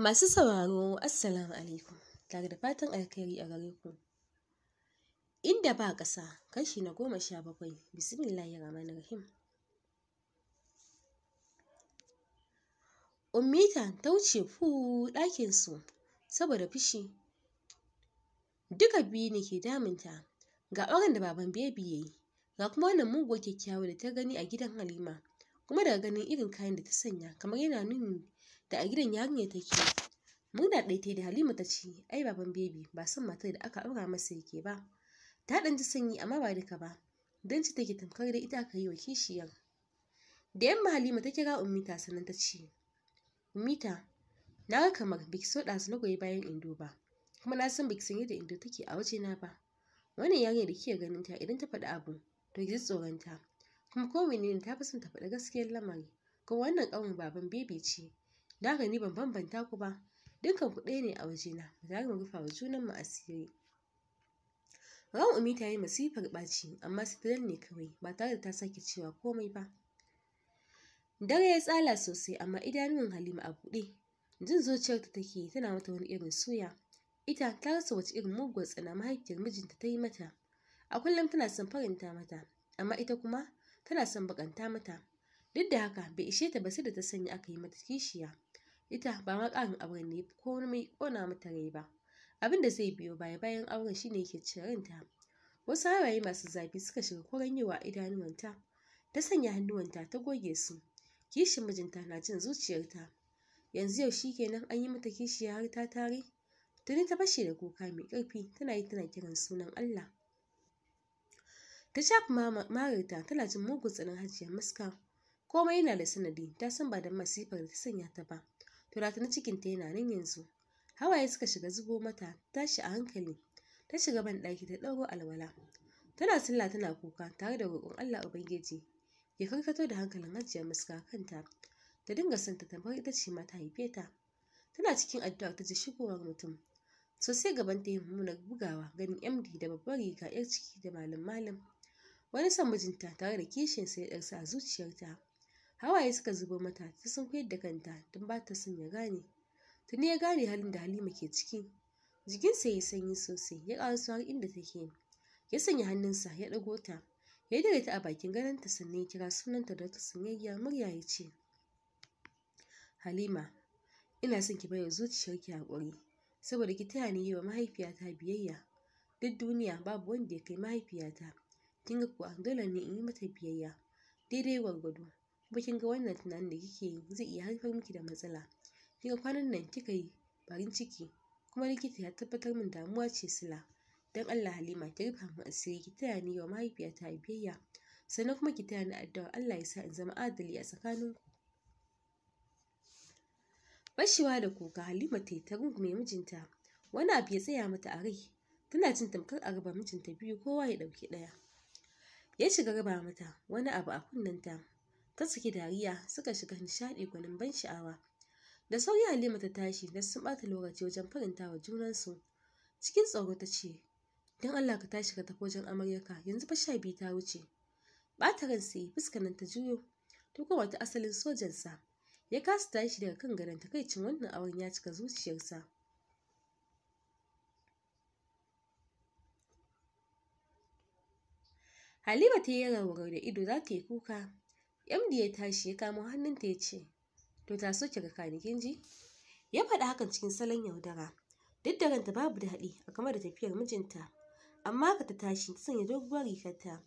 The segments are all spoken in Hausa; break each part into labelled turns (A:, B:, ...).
A: Masu sauraro Assalamu alaikum tare da fatan alkhairi a gare ku. Inda ba ƙasa kashi na goma sha bakwai bismillahi rahmanir rahim. Ummita ta wuce fu ɗakinsu saboda fushi. Duka biyu ne ke damunta ga auren da baban bebi ya yi ga kuma wannan mugu kyakkyawa da ta gani a gidan Halima kuma daga ganin irin kayan da ta sanya kamar yana nuni da a gidan yarinyar take murna ɗaya da halima ta ce ai baban bebi ba son matar da aka aura masa yake ba ta ɗan ji sanyi amma ba duka ba don ci take tamkar da ita aka yi wa kishiyar da yamma halima ta kira Umita sannan ta ce ummita na ga kamar biki so ɗazu na goyi bayan indo ba kuma na san biki san yadda indo take a na ba wannan yarinyar da kike ganin ta idan ta faɗi abu to ki tsoron ta kuma ko menene ta fi son ta faɗi gaskiyar lamari ko wannan ƙauyen baban bebi ce Na gani ban bambanta ku ba dukkan ku ɗaya ne a wajena ba za mu rufa wa junan mu asiri ran Umi ta yi masifar ɓaci amma sitiran ne kawai ba tare da ta sake cewa komai ba. Dare ya tsala sosai amma idanun Halima a buɗe. Jin zuciyarta take tana mata wani irin suya. Ita ta rasa wace irin muguwar tsana mahaifiyar mijinta ta yi mata. A kullum tana son faranta mata amma ita kuma tana son baƙanta mata. Duk da haka bai ishe ta ba sai da ta sanya aka yi mata kishiya. ita ba ma ƙarin auren ne ko mai ƙona mata rai ba abin da zai biyo baya bayan auren shine yake ciranta wasu hawaye masu zafi suka shiga koren a idanuwanta ta sanya hannuwanta ta goge su kishin mijinta na jin zuciyarta yanzu yau shi kenan an yi mata kishiya har ta tare tuni ta fashe da kuka mai karfi tana yi tana kiran sunan Allah ta shafa marita tana jin mugun tsanin hajiyar maska komai yana da sanadi ta san ba da masifar da ta sanya ta ba to cikin ta yana nan yanzu hawaye suka shiga zubo mata tashi a hankali ta shiga ban ɗaki ta ɗauro alwala tana sallah tana kuka tare da roƙon Allah Ubangiji ya karkato da hankalin hajjiyar muska kanta ta dinga son ta tambar ita ce mata haife ta tana cikin addu'a ta ji shigowar mutum sosai gaban ta yi mummunar bugawa ganin MD da babbar riga 'yar ciki da malam malam wani son mijinta tare da kishin sai ɗarsa a zuciyarta hawaye suka zubo mata ta sunkuyar da kanta don ba ta son ya gane tuni ya gane halin da halima ke ciki jikinsa ya yi sanyi sosai ya su har inda take ya sanya hannunsa ya ɗago ta ya yi dare ta a bakin gadonta sannan ya kira sunanta da wata sanyayya murya ya ce halima ina son ki bayar zuciyarki haƙuri saboda ki taya ni yi wa mahaifiyata biyayya duk duniya babu wanda ya kai mahaifiyata kin ga kuwa dole ne in yi mata biyayya daidai gwargwado kuma kin ga wannan tunanin da kike yi zai iya haifar miki da matsala kin kwanan nan kika yi barin ciki kuma likita ya tabbatar min damuwa ce sila don Allah Halima ki rufa min asiri ki taya ni wa mahaifiyata biyayya sannan kuma ki taya ni addu'a Allah ya sa in zama adali a tsakanin ku Bashewa da kuka Halima ta yi ta rungume mijinta wani abu ya tsaya mata a rai tana jin tamkar a raba mijinta biyu kowa ya ɗauki ɗaya ya shiga raba mata wani abu a kunnenta ta saki dariya suka shiga nishaɗi gwanin ban sha'awa da sauri halima ta tashi da sun ɓata lokaci wajen farinta wa junansu cikin tsoro ta ce don allah ka tashi ka tafi wajen amaryarka yanzu fa sha biyu ta wuce ɓata ran sai fuskanin ta juyo ta koma ta asalin sojansa ya kasa tashi daga kan gadon takaicin wannan auren ya cika zuciyarsa Halima ta yi rawar da ido za ta yi kuka MD ya tashi ya kamo hannunta ya ce, To ta so ki ga kanikin ji? Ya faɗi hakan cikin salon yaudara. Duk da ranta babu daɗi a game da tafiyar mijinta. Amma ka ta tashi ta sanya doguwar rigarta.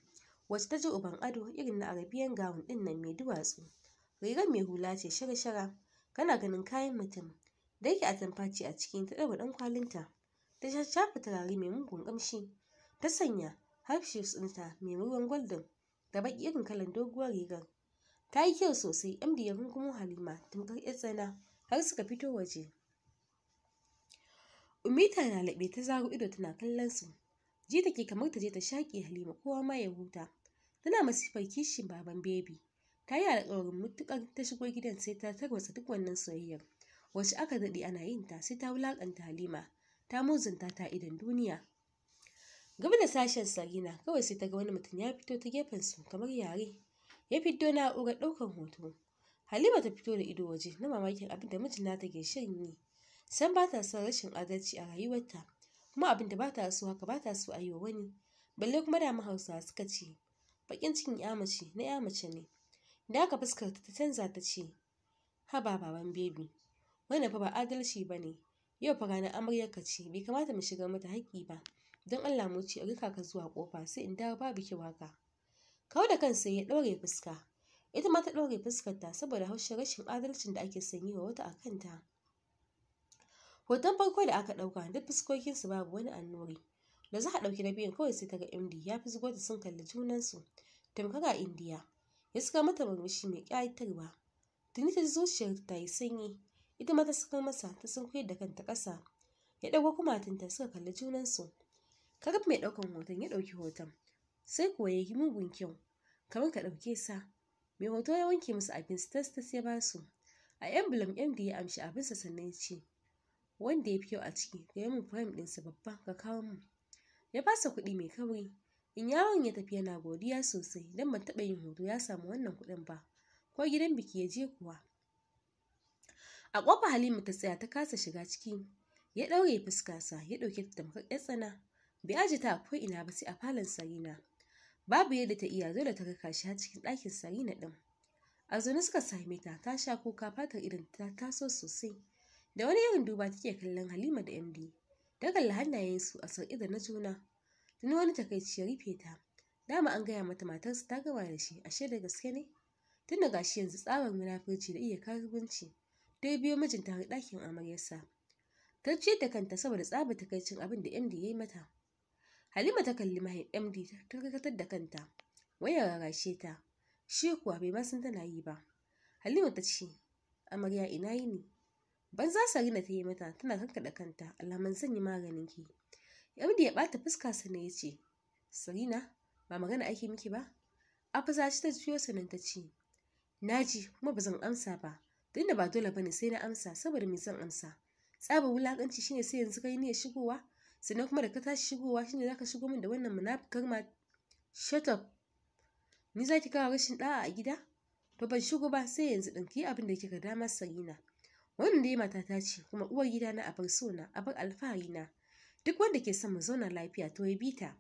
A: Wacce ta ji uban ado irin na arabiyan gawun ɗin nan mai duwatsu. Rigar mai hula ce shara-shara. Kana ganin kayan mutum. Da yake atamfa ce a ciki ta ɗaura ɗan kwalinta. Ta shafa turare mai mugun ƙamshi. Ta sanya half ɗinta mai ruwan gwaldin da baƙi irin kalan doguwar rigar. ta yi kyau sosai da ya kuma halima tamkar yar tsana har suka fito waje umita na laɓe ta zaro ido tana kallon su ji take kamar ta je ta shaƙe halima kowa ma ya huta tana masifar kishin baban bebi ta yi alƙawarin mutukar ta shigo gidan sai ta tarwatsa duk wannan soyayyar wacce aka daɗe ana yin ta sai ta wulaƙanta halima ta muzunta ta idan duniya gaba da sashen sarina kawai sai ta ga wani mutum ya fito ta gefen su kamar yare ya fiddo na'urar ɗaukar hoto halima ta fito da ido waje na mamakin abin da mijin nata ke shan yi san ba ta son rashin adalci a rayuwarta kuma abin da ba ta so haka ba ta so a yi wa wani balle kuma da mahausa suka ce bakin cikin ya mace na ya mace ne da aka fuskar ta canza ta ce haba baban bebi wannan fa ba adalci ba ne yau fa ranar amaryarka ce bai kamata mu shiga mata haƙƙi ba don allah mu ce rika ka zuwa kofa sai in dawo babu kyau haka Kau da kansa ya ɗaure fuska. Ita ma ta ɗaure fuskarta saboda haushin rashin adalcin da ake sanyi wa wata a kanta. Hoton farko da aka ɗauka duk fuskokinsu babu wani annuri. Da za a ɗauki na biyun kawai sai ta ga MD ya fi zugota sun kalli junansu. Tamkar a Indiya. Ya saka mata murmushi mai ƙayatarwa. Tuni ta ji zuciyar ta yi sanyi. Ita ma ta saka masa ta sunkuyar da kanta ƙasa. Ya ɗago kumatunta suka kalli junansu. Karab mai ɗaukan hoton ya ɗauki hoton. sai kuwa ya yi mugun kyau kamar ka ɗauke sa mai hoto ya wanke musu abin tas tas ya ba su a emblem da ya amshi abin sa sannan ya ce wanda ya fi kyau a ciki ka yi min ɗin sa babba ka kawo mu ya ba sa kuɗi mai kauri in yawon ya tafi yana godiya sosai don ban taɓa yin hoto ya samu wannan kuɗin ba ko gidan biki ya je kuwa a ƙofa halima ta tsaya ta kasa shiga ciki ya ɗaure fuskarsa ya ɗauke ta tamkar tsana bai ajiye ta a ina ba sai a falon sarina babu yadda ta iya da ta raka shi har cikin ɗakin sarina ɗin a zaune suka same ta ta sha kuka fatar irin ta taso sosai da wani irin duba take kallon halima da md ta kalli su a sauƙi da na juna tuni wani takaici ya rufe ta dama an gaya mata matarsa ta gaba da shi ashe da gaske ne tun da gashi yanzu tsabar munafurci da iya karbunci dai biyo mijinta har ɗakin amaryarsa ta ciyar da kanta saboda tsabar takaicin abin da md ya yi mata Halima ta kalli mahaif MD ta karkatar da kanta. Wayar rarashe ta, shi kuwa bai ma san tana yi ba. Halima ta ce, Amarya ina yi ne? Ban Banza Sarina ta yi mata tana kankaɗa kanta alamun zan yi maganin ki. MD ya ɓata fuska sana ya ce, Sarina, ba magana ake miki ba? A fusaci ta juyo sanin ta ce, Naji kuma ba zan amsa ba, tunda ba dole bane sai na amsa saboda mai zan amsa. Tsabar wulakanci shine sai yanzu kai ne shigowa sannan kuma da ka tashi shigowa shine zaka shigo min da wannan munafukar ma shut up ni zaki kawo rashin da'a a gida to ban shigo ba sai yanzu din ki abin da kika dama sarina wannan dai ta ce kuma uwar gida na abar sona abar alfahari na duk wanda ke son mu zauna lafiya to ya bita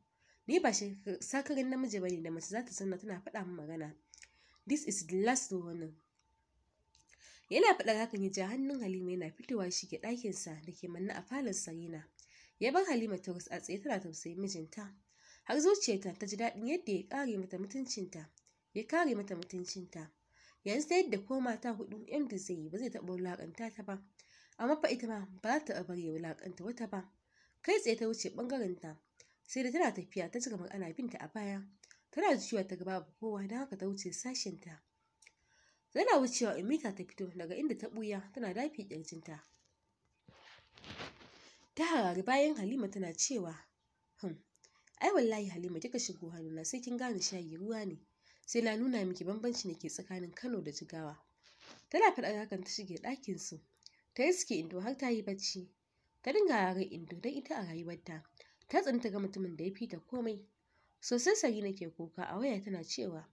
A: ni ba sakarin namiji ba ne da mace za ta zauna tana faɗa min magana this is the last warning yana faɗar hakan ya ja hannun halima yana fitowa shi ke ɗakinsa da ke manna a falon sarina ya bar halima ta a tsaye tana tausayin mijinta har zuciyarta ta ji daɗin yadda ya kare mata mutuncinta ya kare mata mutuncinta yanzu ta yadda ko mata hudu da zai yi ba zai taɓa wulaƙanta ta ba amma fa ita ma ba za ta bari ya wulaƙanta wata ba kai tsaye ta wuce ɓangaren ta sai da tana tafiya ta gaba ana binta a baya tana cewa ta gaba kowa don haka ta wuce sashen ta tana wucewa mita ta fito daga inda ta ɓuya tana dafi ƙirjinta Ta harari bayan Halima tana cewa, hmm, ai wallahi Halima kika shigo hannuna sai kin gane shayi ruwa ne, sai na nuna miki bambanci da ke tsakanin Kano da Jigawa." Tana faɗar hakan ta shige ɗakinsu, ta yi suke indo har ta yi bacci, ta dinga harar indo don ita a rayuwarta, ta tsinta ga mutumin da ya fita komai. Sosai na ke kuka a waya tana cewa,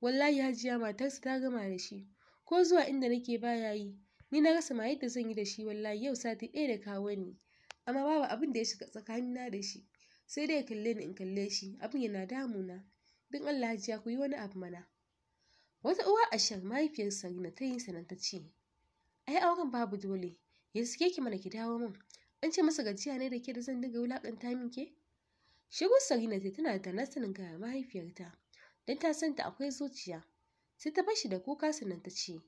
A: "Wallahi Hajiya matarsa ta gama da shi, ko zuwa inda nake baya yi, ni na rasa ma yadda zan yi da shi wallahi yau sati ɗaya da kawo ni." amma babu abin da ya shiga tsakanina da shi sai dai ya kalle ni in kalle shi abin yana damuna don Allah hajiya ku yi wani abu mana wata uwa a shan mahaifiyar Sarina ta yi sanan ta ce ai auren babu dole yanzu ke ki mana ki dawo min an ce masa gajiya ne da ke da zan dinga wulakanta min ke shigo Sarina ta tana da nasanin ga mahaifiyarta don ta san ta akwai zuciya sai ta bashi da kuka sanan ce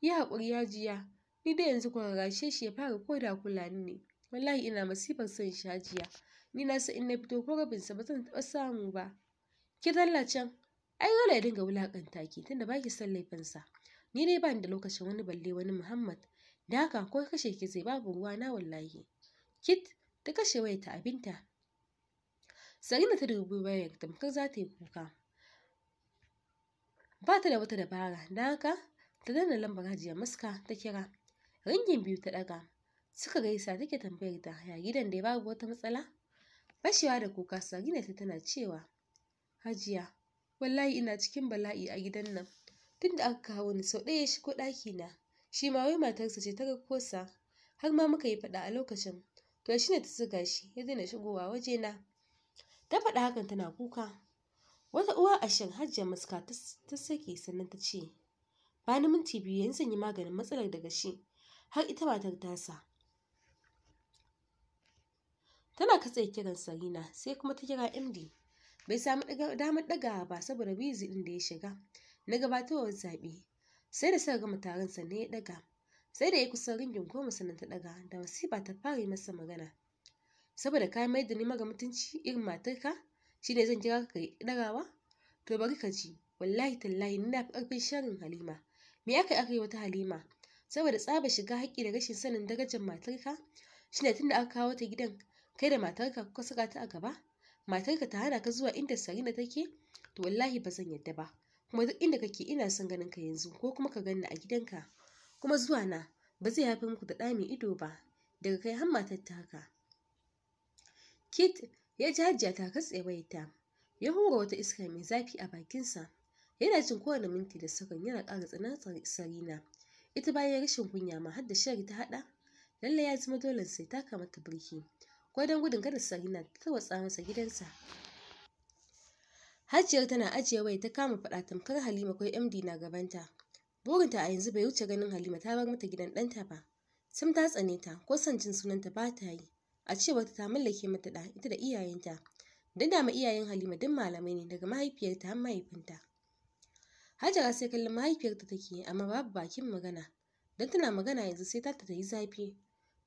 A: yi haƙuri ya jiya ni da yanzu kwararrashe shi ya fara koda kula ni ne wallahi ina masifar son sha jiya. ni na san in na fito ko rabinsa ba zan taɓa samu ba ki dalla can ai dole ya dinga wulakanta ki tunda baki ki son laifinsa ni dai ba ni da lokacin wani balle wani muhammad da haka ko kashe ki zai babu ruwa na wallahi kit ta kashe ta abinta sarina ta dubi baya tamkar za ta yi kuka ba ta da wata dabara da haka ta danna lambar hajiya muska ta kira ringin biyu ta daga. suka gaisa take tambayar ta ya gidan da babu wata matsala bashewa da kuka sagina ta tana cewa hajiya wallahi ina cikin bala'i a gidan nan tunda aka kawo ni sau ɗaya ya shigo ɗaki na shi ma wai matarsa ce ta ga kosa har ma muka yi faɗa a lokacin to shi ne ta zuga shi ya daina shigowa waje na ta faɗa hakan tana kuka wata uwa a shan hajiya maska ta sake sannan ta ce bani minti biyu yanzu zan yi maganin matsalar daga shi har ita matar tasa tana katse kiran sarina sai kuma ta kira md bai samu damar ɗagawa ba saboda bizi din da ya shiga na gabatarwar zaɓe sai da suka gama sa ne ya daga. sai da ya kusa ringin goma sannan ta ɗaga da masifa ta fara masa magana saboda ka mai da ni mara mutunci irin matarka shine zan kira ka dagawa to bari ka ji wallahi tallahi ni na fi ƙarfin sharin halima me aka aka yi wata halima saboda tsaba shiga haƙƙi da rashin sanin darajar matarka shine tunda aka kawo ta gidan kai da matarka kuka saka ta a gaba matarka ta hana ka zuwa inda sarina take to wallahi ba zan yadda ba kuma duk inda kake ina son ganin ka yanzu ko kuma ka ganni a gidanka kuma zuwa na ba zai haifar muku da ɗa mai ido ba daga kai har matar ta haka kit ya ji hajjiya ta katse ta ya hura wata iska mai zafi a bakinsa yana jin kowane minti da sakan yana ƙara tsanan sarina ita bayan rashin kunya ma har da shari ta haɗa lallai ya zama dole sai ta kama ta birki wai don gudun kada Sarina ta tawatsa masa gidansa. Hajiyar tana ajiye wai ta kama faɗa tamkar Halima ko MD na gabanta. Burinta a yanzu bai wuce ganin Halima ta bar mata gidan ɗanta ba. Sam ta tsane ta ko son jin sunanta ba ta yi. A cewar ta mallake mata da ita da iyayenta. da ma iyayen Halima duk malamai ne daga mahaifiyarta har mahaifinta. Hajara sai kallon mahaifiyarta take amma babu bakin magana. Don tana magana yanzu sai ta ta yi zafi.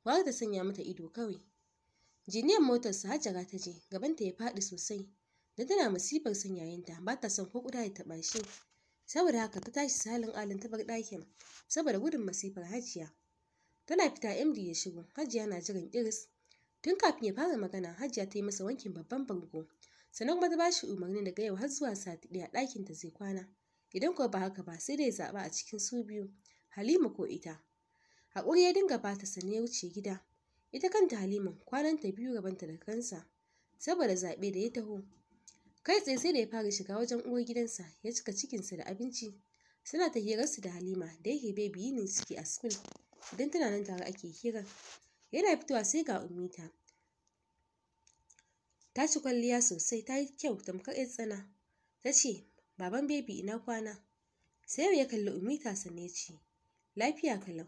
A: Ba ta sanya mata ido kawai. jiniyan motar su hajjara ta je gabanta ya faɗi sosai da tana masifar son yayinta ba ta son ko kuda ya taɓa shi saboda haka ta tashi salin alin ta bar ɗakin saboda gudun masifar hajiya tana fita md ya shigo hajiya na jiran iris tun kafin ya fara magana hajiya ta yi masa wankin babban bango. sannan kuma ta ba shi umarnin daga yau har zuwa sati ɗaya ɗakin ta zai kwana idan kuwa ba haka ba sai dai zaɓa a cikin su biyu halima ko ita haƙuri ya dinga ta sannan ya wuce gida ita kanta halima ta biyu rabanta da kansa saboda zaɓe da ya taho kai tsaye sai da ya fara shiga wajen uwar gidansa ya cika cikinsa da abinci suna ta hirarsu da halima da yake bebi ne suke a school idan tana nan tare ake hira yana fitowa sai ga umita ta ci kwalliya sosai ta yi kyau tamkar yar tsana ta ce baban bebi ina kwana sai ya kalli umita sannan ya ce lafiya kalau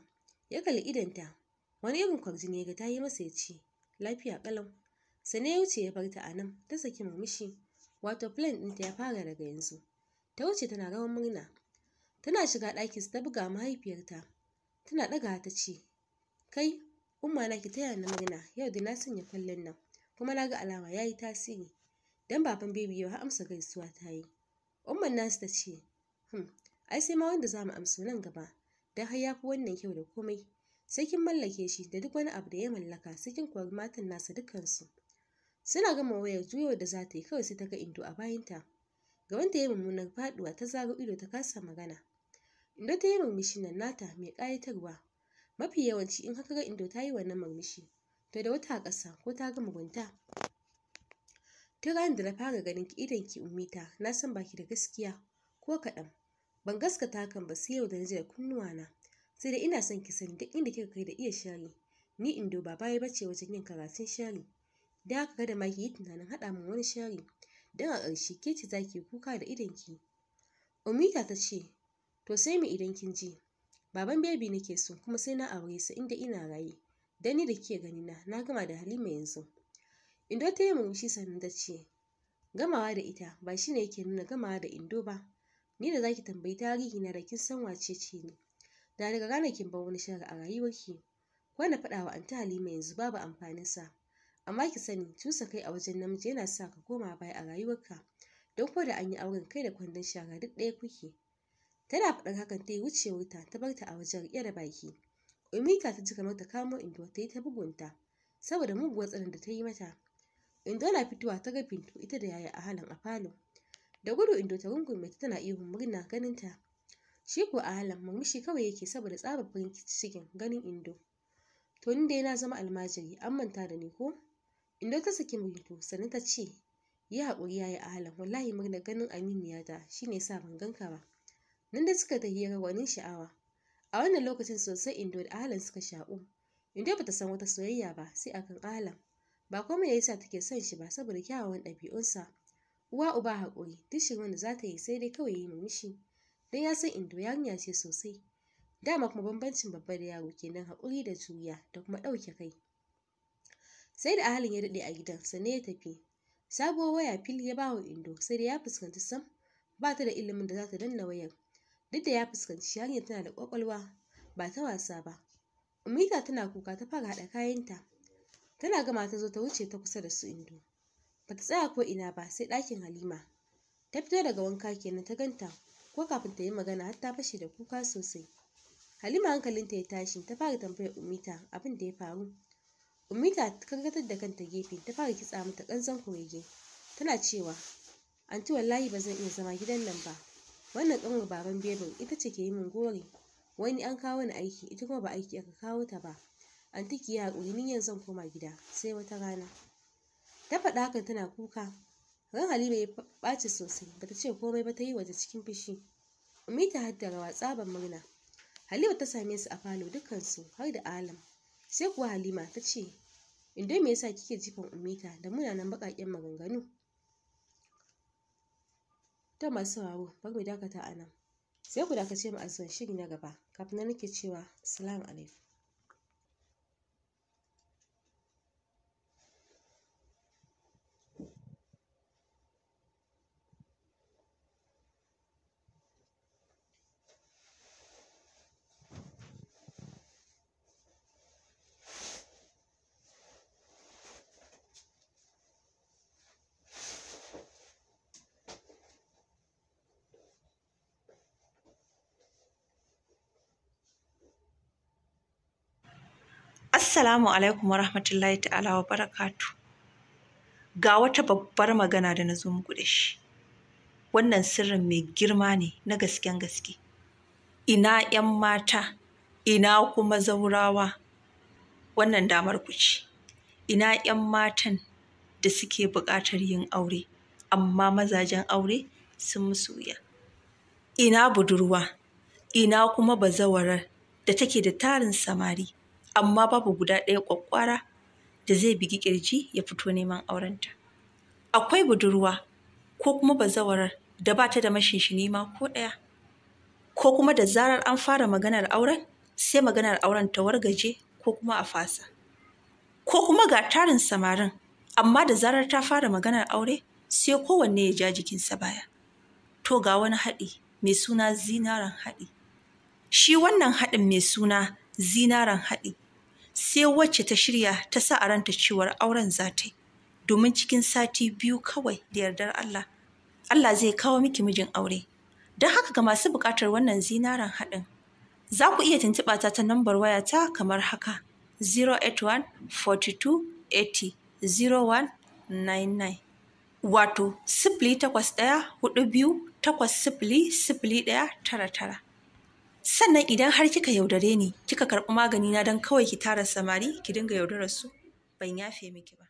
A: ya kalli idanta wani irin kwarjini ya ga ta yi masa ya ce lafiya ƙalau sane ya wuce ya bar ta a nan ta saki murmushi wato plan ɗinta ya fara daga yanzu ta wuce tana rawan murna tana shiga ɗaki ta buga mahaifiyarta tana ɗaga ta ce kai umma na ki taya na murna yau da na sanya kwallon nan kuma na ga alama ya yi tasiri dan baban bebi yau amsa gaisuwa ta yi umman nasu ta ce hmm, ai sai ma wanda za mu amsa nan gaba dan har ya fi wannan kyau da komai sai kin mallake shi da duk wani abu da ya mallaka sai kin kori matan nasa dukkansu suna gama wayar juyo da za ta yi kawai sai ta ga indo a bayanta gaban ta yi mummunar faduwa ta zaga ido ta kasa magana indo ta yi murmushi nan nata mai ƙayatarwa mafi yawanci in haka ga indo ta yi wannan murmushi to da wata ƙasa ko ta ga mugunta tun ranar da na fara ganin ki idon ki umita na san baki da gaskiya ko kaɗan ban gaskata hakan ba sai yau da na ji kunnuwa na. sai da ina son ki sani duk inda kika kai da iya shari ni in indo ba baya bace wajen yin karatun shari da haka kada ma ki tunanin haɗa min wani shari don a ƙarshe ke ce za ki kuka da ki umita ta ce to sai mu idan kin ji baban bebi nake so kuma sai na aure sa inda ina raye dan ni da kike gani na na gama da halima yanzu indo ta yi murmushi sannan ta ce gamawa da ita ba shi ne yake nuna gamawa da indo ba ni da zaki tambayi tarihi na da kin san wace ce ni da daga ranar kin bar wani shara a rayuwarki wanda faɗawa wa anta halima yanzu babu amfanin sa amma ki sani cusa kai a wajen namiji yana sa ka koma baya a rayuwarka don ko da an yi auren kai da kwandon shara duk ɗaya kuke tana faɗar hakan ta yi wucewarta ta bar ta a wajen riƙe da baki umika ta ji kamar ta kamo indo ta yi ta bugunta saboda muguwar tsarin da ta yi mata indo na fitowa ta ga bintu ita da yaya a halin a falo da gudu indo ta rungume ta tana ihun murna ganin ta Shi ko Alan murmushi kawai yake saboda tsabar farin cikin ganin Indo. To ni dai na zama almajiri an manta da ni ko? Indo ta saki mutu sannan ta ce yi haƙuri a Alan wallahi murnar ganin aminiyata Shi ne sa ban ganka ba. Nan da suka ta hira gwanin sha'awa. A wannan lokacin sosai Indo da Alan suka shaƙu. Indo bata san wata soyayya ba sai akan Alan. Ba komai yasa take son shi ba saboda kyawawan ɗabi'unsa. Uwa uba haƙuri, duk shirin da za ta yi sai dai kawai ya yi murmushi. don ya san indo yarinya ce sosai dama kuma bambancin babba da yaro kenan haƙuri da juriya da kuma ɗauke kai sai da ahalin ya daɗe a gidan sannan ya tafi sabuwar waya fil ya bawa indo sai da ya fuskanci sam ba ta da ilimin da za ta danna wayar duk da ya fuskanci yarinya tana da ƙwaƙwalwa ba ta wasa ba umita tana kuka ta fara haɗa kayanta tana gama ta zo ta wuce ta kusa da su indo ba ta tsaya ko ina ba sai ɗakin halima ta fito daga wanka kenan ta ganta ko kafin ta yi magana har ta fashe da kuka sosai halima hankalinta ya tashi ta fara tambayar umita abin da ya faru umita ta karkatar da kanta gefe ta fara kitsa mata kanzon kurege tana cewa anti wallahi ba zan iya zama gidan nan ba wannan kanwar baban bebin ita ce ke yi min gori wani an kawo ni aiki ita kuma ba aiki aka kawo ta ba anti ki yi haƙuri ni yanzu zan koma gida sai wata rana ta faɗa hakan tana kuka ran halima ya ɓaci sosai bata ce komai ba ta yi waje cikin fushi umi ta da wa tsaban murna halima ta same su a falo dukansu har da alam sai kuwa halima ta ce dai me yasa kike jifan umita da munanan baƙaƙen maganganu ta masu sauraro bari mu dakata a nan sai ku dakace mu a zuwan shiri na gaba kafin na nake cewa salamu alaikum
B: Assalamu alaikum wa rahmatullahi ta'ala wa barakatu. Ga wata babbar magana da na zo muku da shi. Wannan sirrin mai girma ne na gasken gaske. Ina ‘yan mata, ina kuma zaurawa, wannan damar ku ce. Ina ‘yan matan da suke buƙatar yin aure, amma mazajen aure sun musu Ina budurwa, ina kuma bazawarar da take da tarin samari. amma babu guda ɗaya ƙwaƙƙwara da zai bigi ƙirji ya fito neman aurenta. Akwai budurwa ko kuma bazawarar da ba ta da mashinshini ma ko ɗaya, ko kuma da zarar an fara maganar auren sai maganar auren ta wargaje ko kuma a fasa. Ko kuma ga tarin samarin, amma da zarar ta fara maganar aure sai kowanne ya ja jikinsa baya. To ga wani haɗi mai suna zinaren haɗi. Shi wannan haɗin mai suna zinaren haɗi sai wacce ta shirya ta sa a ranta cewar auren za ta yi domin cikin sati biyu kawai da yardar Allah Allah zai kawo miki mijin aure don haka ga masu buƙatar wannan zinaren haɗin za ku iya tuntuɓa ta ta nambar wayata kamar haka 081 42 80 0199 wato sifili takwas ɗaya hudu biyu takwas sifili sifili ɗaya tara tara sannan idan har kika yaudare ni kika karɓi magani na don kawai ki tara samari ki dinga yaudarar su ban yafe miki ba